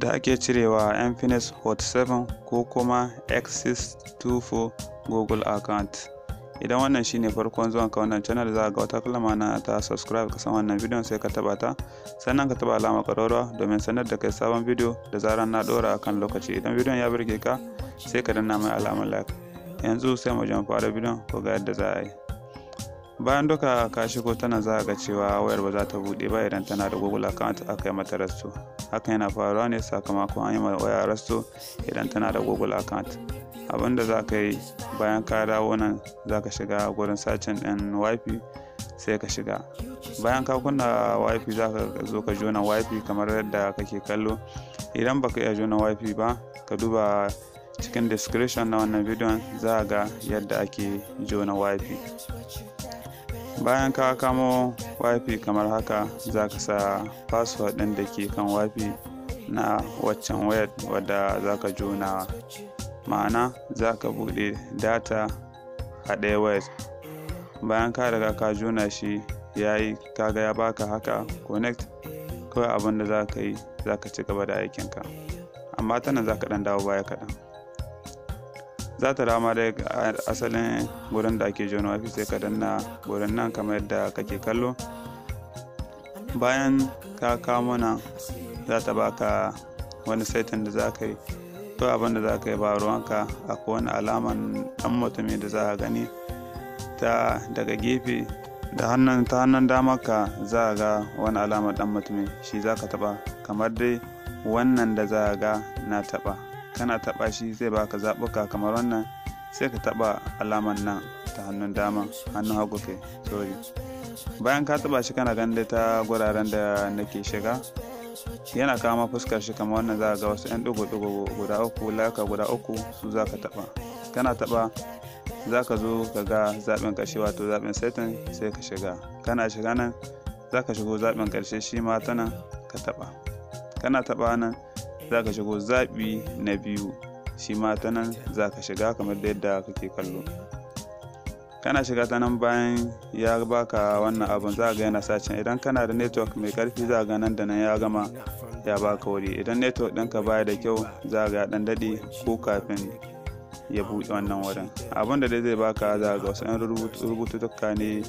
da ake cirewa Infinix Hot 7 ko kuma X624 Google account. Idan wannan shine farkon zuwan ka wannan channel za ga wata kalma na ta subscribe ka san wannan bidiyon sai ka taba ta sannan ka taba alamar ƙararrawa domin sanar da kai sabon bidiyo da zarar na ɗora akan lokaci idan bidiyon ya birge ka sai ka danna mai alamar like yanzu sai mu jan fara bidiyon ko ga yadda za a yi bayan duka ka shigo tana za ga cewa wayar ba za ta buɗe ba idan tana da google account aka yi mata hakan yana faruwa ne sakamakon an yi ma waya rasto idan tana da google account abin da za ka yi bayan ka dawo nan za ka shiga gurin sacin ɗin wifi sai ka shiga bayan ka kunna wifi za ka zo ka jona wifi kamar yadda kake kallo idan ba ka iya jona wifi ba ka duba cikin description na wannan bidiyon za ga yadda ake jona wifi bayan ka kamo wifi kamar haka za ka sa password ɗin da ke kan wifi na waccan wayar wadda za ka jona ma'ana za ka buɗe data a ɗaya wayar bayan ka riga ka juna shi ya yi kaga ya baka haka connect kawai abin da za ka yi za ka ci gaba da aikinka amma tana za ka ɗan dawo baya kaɗan za ta rama da asalin gurin da ake jona wafi sai ka danna gurin nan kamar yadda kake kallo bayan ka kamo nan za ta baka wani saitin da za ka yi to abin da za ka yi ba ruwanka akwai wani alaman dan mutumi da za ka gani ta daga gefe da hannun ta hannun damarka za ga wani alamar dan mutumi shi za ka taba kamar dai wannan da za ga na taba kana taɓa shi zai baka zaɓuka kamar wannan sai ka taɓa alaman nan ta hannun dama hannun hagu ke sorry bayan ka taɓa shi kana ganin ta guraren da nake shiga yana kama fuskar shi kamar wannan za ga wasu 'yan ɗigo-ɗigo guda uku laka guda uku su za ka taɓa kana taɓa za ka zo ka ga zaɓin ƙarshe wato zaɓin satan sai ka shiga kana shiga nan za ka shigo zaɓin ƙarshe shi ma tana nan ka taɓa kana taɓa nan za ka shigo zaɓi na biyu shi ma ta nan za ka shiga kamar da yadda kake kallo kana shiga ta nan bayan ya baka wannan abun za ga yana sacin idan kana da network mai karfi za ga nan da nan ya gama ya baka wuri idan network ɗinka baya da kyau za ga ɗan daɗe ko kafin ya buɗe wannan wurin abin da zai baka za ga wasu 'yan rubututtuka ne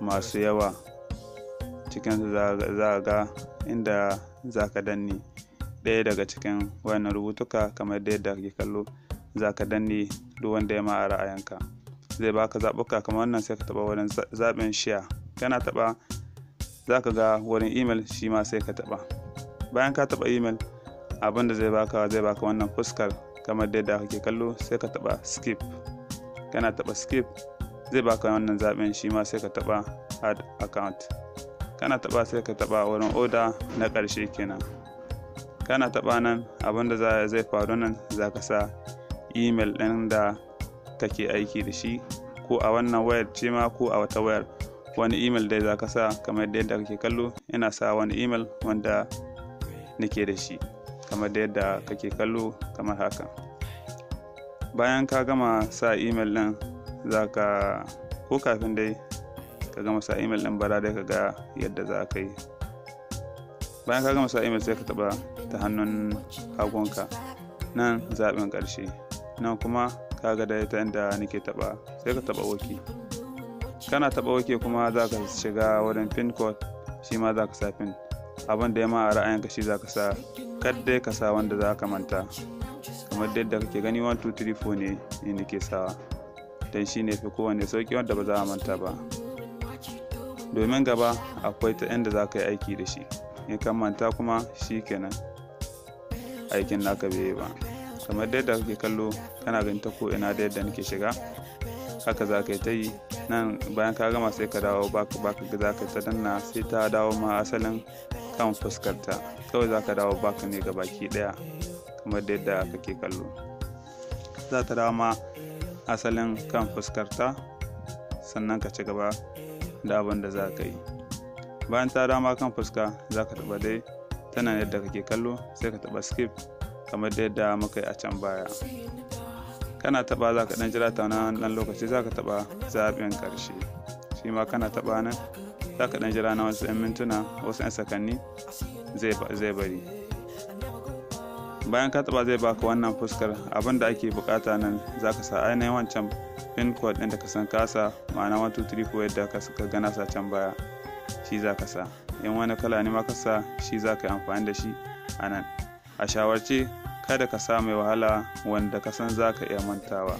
masu yawa cikin za ga inda za ka danne ɗaya daga cikin wayannan rubutuka kamar yadda ke kallo za ka danne duk wanda ya ma a ra'ayinka zai ba ka zaɓuka kamar wannan sai ka taɓa wurin zaɓin shiya kana taɓa za ka ga wurin email shi ma sai ka taɓa bayan ka taɓa email abin da zai baka zai baka wannan fuskar kamar yadda kake kallo sai ka taɓa skip kana taɓa skip zai baka wannan zaɓin shi ma sai ka taɓa add account kana taɓa sai ka taɓa wurin order na ƙarshe kenan kana taɓa nan abin da zai faru nan za ka sa email ɗin da kake aiki da shi ko a wannan wayar ce ma ko a wata wayar wani email dai za ka sa kamar da yadda kake kallo ina sa wani email wanda nake da shi kamar da yadda kake kallo kamar haka bayan ka gama sa email ɗin za ka ko kafin dai ka gama sa email ɗin bara dai ka ga yadda za ka yi bayan ka gama sa email sai ka taɓa ta hannun agonka nan zaɓin ƙarshe nan kuma ka ga da ta inda nake taɓa sai ka taɓa woke kana taɓa woke kuma za ka shiga wurin pin code shi ma za ka sa pin abin da ya ma a ra'ayinka shi za ka sa kaddai ka sa wanda za ka manta kamar yadda kake gani 1 2 3 4 ne ni nake sawa don shi ne fi kowane sauki wanda ba za a manta ba domin gaba akwai ta inda za ka yi aiki da shi in kan manta kuma shi kenan aikin naka bai yi ba kamar dai da kake kallo kana ganin ta ko ina da yadda nake shiga haka za ka yi ta yi nan bayan ka gama sai ka dawo baka baka ga za ka ta danna sai ta dawo ma asalin kan fuskarta kawai za ka dawo baka ne ga baki daya kamar da yadda kake kallo za ta dawo ma asalin kan fuskarta sannan ka ci gaba da abin da za ka yi bayan ta dama kan fuska za ka taɓa dai tana yadda kake kallo sai ka taɓa skip kamar da yadda muka yi a can baya kana taɓa za ka ɗan jira ta na nan lokaci za ka taɓa zaɓin ƙarshe shi ma kana taɓa nan za ka ɗan jira na wasu 'yan mintuna wasu 'yan sakanni zai bari bayan ka taɓa zai baka wannan fuskar abin da ake bukata nan za ka sa ainihin wancan pin code ɗin da ka san kasa ma'ana 1234 yadda ka gana sa can baya shi za ka sa in wani kala ne makasa sa shi za ka yi amfani da shi a nan a shawarce kada ka sa mai wahala wanda ka san za ka iya mantawa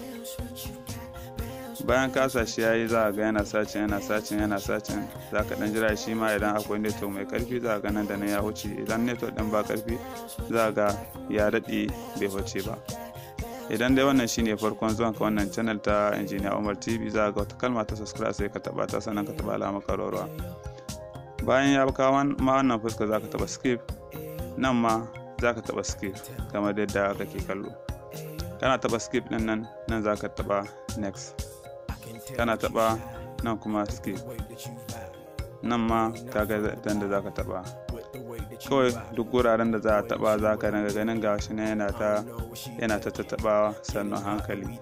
bayan kasa shi ya yi za a ga yana sacin yana sacin yana sacin za ka dan jira shi ma idan akwai neto mai karfi za a ga nan da nan ya wuce idan network din ba karfi za a ga ya daɗe bai wuce ba idan dai wannan shine farkon zuwan ka wannan channel ta injiniya umar tv za a ga wata kalma ta subscribe sai ka taba ta sannan ka taba alamar karoruwa bayan ya kawo wannan fuska za ka taɓa skip nan ma za ka taɓa skip kamar yadda ke kallo kana taɓa skip ɗin nan nan za ka taɓa next kana taɓa nan kuma skip nan ma kaga dan da za ka taɓa kawai duk wuraren da za a taɓa za ka daga ganin ga shi ne yana ta yana ta sannan hankali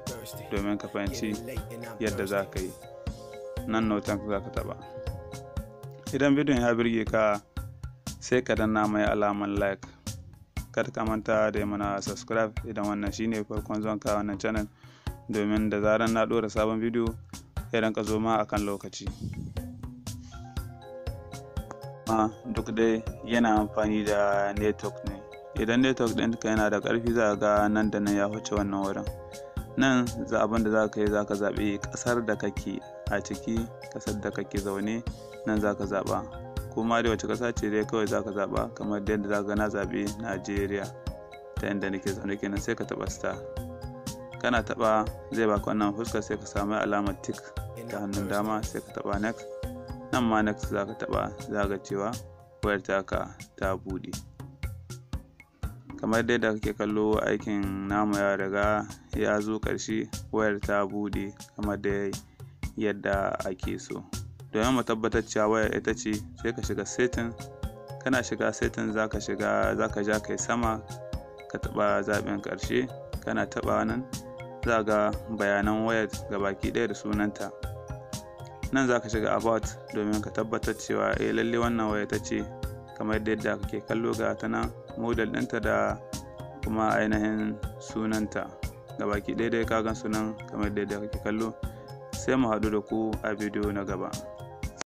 domin ka fahimci yadda za ka yi nan notan za ka taɓa idan bidiyon ya birge ka sai ka na mai alaman like kada ka manta da mana subscribe idan wannan shine farkon zuwan ka wannan channel domin da zaran na ɗora sabon bidiyo ya ranka zo ma akan lokaci ma duk dai yana amfani da network ne idan network ɗinka yana da ƙarfi za ga nan da nan ya huce wannan wurin nan za abin da za ka yi za ka zaɓi ƙasar da kake a ciki ƙasar da kake zaune nan za ka zaɓa kuma da wace ƙasa ce dai kawai za ka zaɓa kamar yadda za ka na zaɓi najeriya ta yadda nake zaune kenan sai ka taɓa star kana taɓa zai baka wannan fuska sai ka samu alamar tik ta hannun dama sai ka taɓa next nan ma next za ka taɓa za ka cewa wayar taka ta buɗe kamar dai da kake kallo aikin namu ya riga ya zo ƙarshe wayar ta buɗe kamar dai yadda ake so domin mu tabbatar cewa wayar ita ce sai ka shiga setin kana shiga setin za ka shiga za ka ja kai sama ka taɓa zaɓin ƙarshe kana taba nan za ga bayanan wayar ga baki ɗaya da sunanta nan za ka shiga about domin ka tabbatar cewa eh lalle wannan waya ta ce kamar yadda kake kallo ga ta nan model ɗinta da kuma ainihin sunanta ga baki ɗaya dai ka gan sunan kamar yadda kake kallo sai mu haɗu da ku a bidiyo na gaba